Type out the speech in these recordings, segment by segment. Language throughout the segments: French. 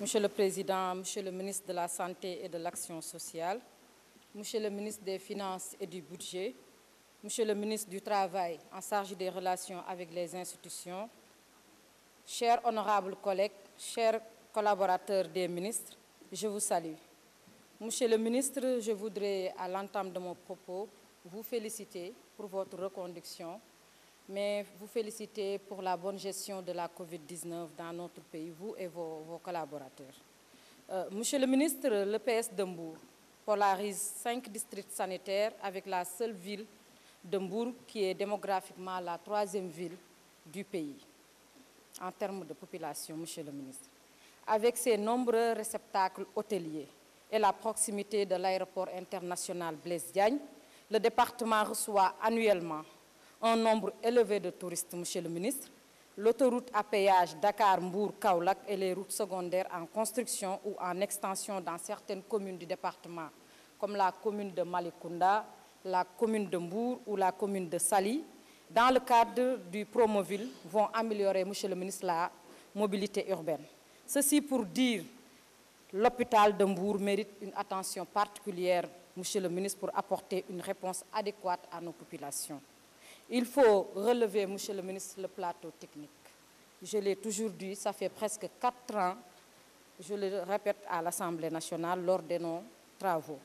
Monsieur le Président, Monsieur le ministre de la Santé et de l'Action sociale, Monsieur le ministre des Finances et du Budget, Monsieur le ministre du Travail en charge des relations avec les institutions, chers honorables collègues, chers collaborateurs des ministres, je vous salue. Monsieur le ministre, je voudrais, à l'entame de mon propos, vous féliciter pour votre reconduction mais vous féliciter pour la bonne gestion de la COVID-19 dans notre pays, vous et vos, collaborateurs. Euh, monsieur le ministre, le PS d'Embourg polarise cinq districts sanitaires avec la seule ville d'Embourg qui est démographiquement la troisième ville du pays en termes de population, Monsieur le ministre. Avec ses nombreux réceptacles hôteliers et la proximité de l'aéroport international Blaise Diagne, le département reçoit annuellement un nombre élevé de touristes, Monsieur le ministre, l'autoroute à péage dakar mbour kaulak et les routes secondaires en construction ou en extension dans certaines communes du département, comme la commune de Malikunda, la commune de Mbour ou la commune de Sali, dans le cadre du Promoville, vont améliorer, Monsieur le ministre, la mobilité urbaine. Ceci pour dire l'hôpital de Mbour mérite une attention particulière, Monsieur le ministre, pour apporter une réponse adéquate à nos populations. Il faut relever, Monsieur le ministre, le plateau technique. Je l'ai toujours dit, ça fait presque quatre ans, je le répète à l'Assemblée nationale lors de nos travaux.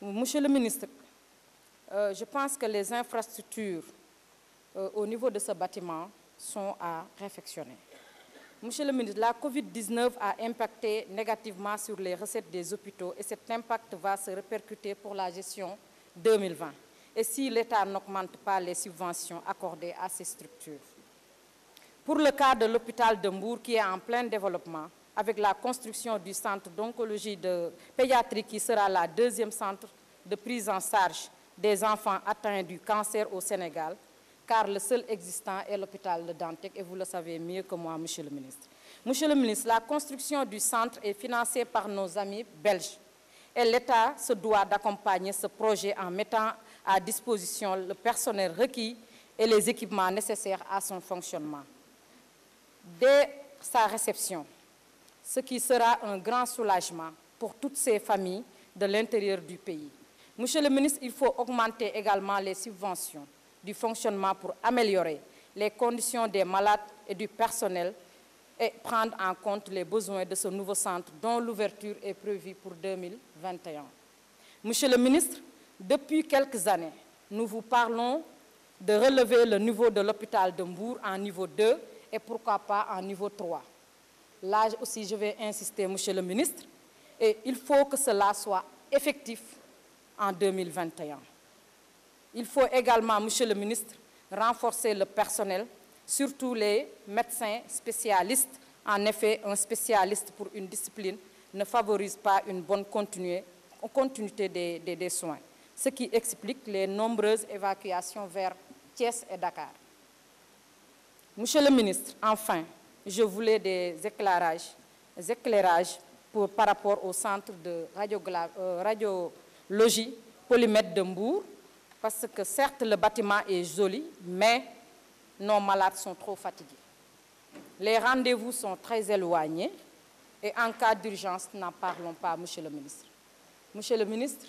Monsieur le ministre, euh, je pense que les infrastructures euh, au niveau de ce bâtiment sont à réfectionner. Monsieur le ministre, la COVID-19 a impacté négativement sur les recettes des hôpitaux et cet impact va se répercuter pour la gestion 2020 et si l'État n'augmente pas les subventions accordées à ces structures. Pour le cas de l'hôpital de Mour, qui est en plein développement, avec la construction du centre d'oncologie de pédiatrie qui sera le deuxième centre de prise en charge des enfants atteints du cancer au Sénégal, car le seul existant est l'hôpital de Dantec, et vous le savez mieux que moi, Monsieur le ministre. Monsieur le ministre, la construction du centre est financée par nos amis belges, et l'État se doit d'accompagner ce projet en mettant à disposition le personnel requis et les équipements nécessaires à son fonctionnement. Dès sa réception, ce qui sera un grand soulagement pour toutes ces familles de l'intérieur du pays. Monsieur le ministre, il faut augmenter également les subventions du fonctionnement pour améliorer les conditions des malades et du personnel et prendre en compte les besoins de ce nouveau centre dont l'ouverture est prévue pour 2021. Monsieur le ministre, depuis quelques années, nous vous parlons de relever le niveau de l'hôpital de Mbourg en niveau 2 et pourquoi pas en niveau 3. Là aussi, je vais insister, Monsieur le ministre, et il faut que cela soit effectif en 2021. Il faut également, Monsieur le ministre, renforcer le personnel, surtout les médecins spécialistes. En effet, un spécialiste pour une discipline ne favorise pas une bonne continuité des soins ce qui explique les nombreuses évacuations vers Thiès et Dakar. Monsieur le ministre, enfin, je voulais des éclairages, par rapport au centre de euh, radiologie polymètre de parce que certes le bâtiment est joli, mais nos malades sont trop fatigués. Les rendez-vous sont très éloignés et en cas d'urgence, n'en parlons pas, Monsieur le ministre. Monsieur le ministre,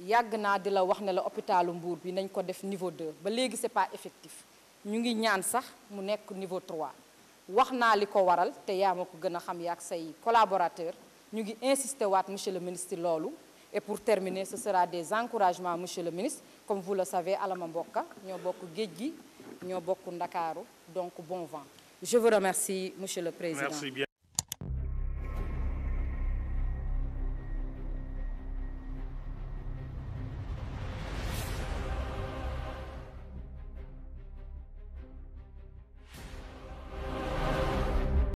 yagna naa la wax ne la hôpitalu Mbour bi nagn ko def niveau 2 ba légui c'est pas effectif ñu ngi ñaan sax mu nekk niveau 3 waxna liko waral te yamako gëna xam yak say collaborateur ñu ngi insister waat monsieur le ministre lolu et pour terminer ce sera des encouragements monsieur le ministre comme vous le savez Alama Mboka ño bokk géej ño bokk Ndakaaru donc bon vent je vous remercie monsieur le président merci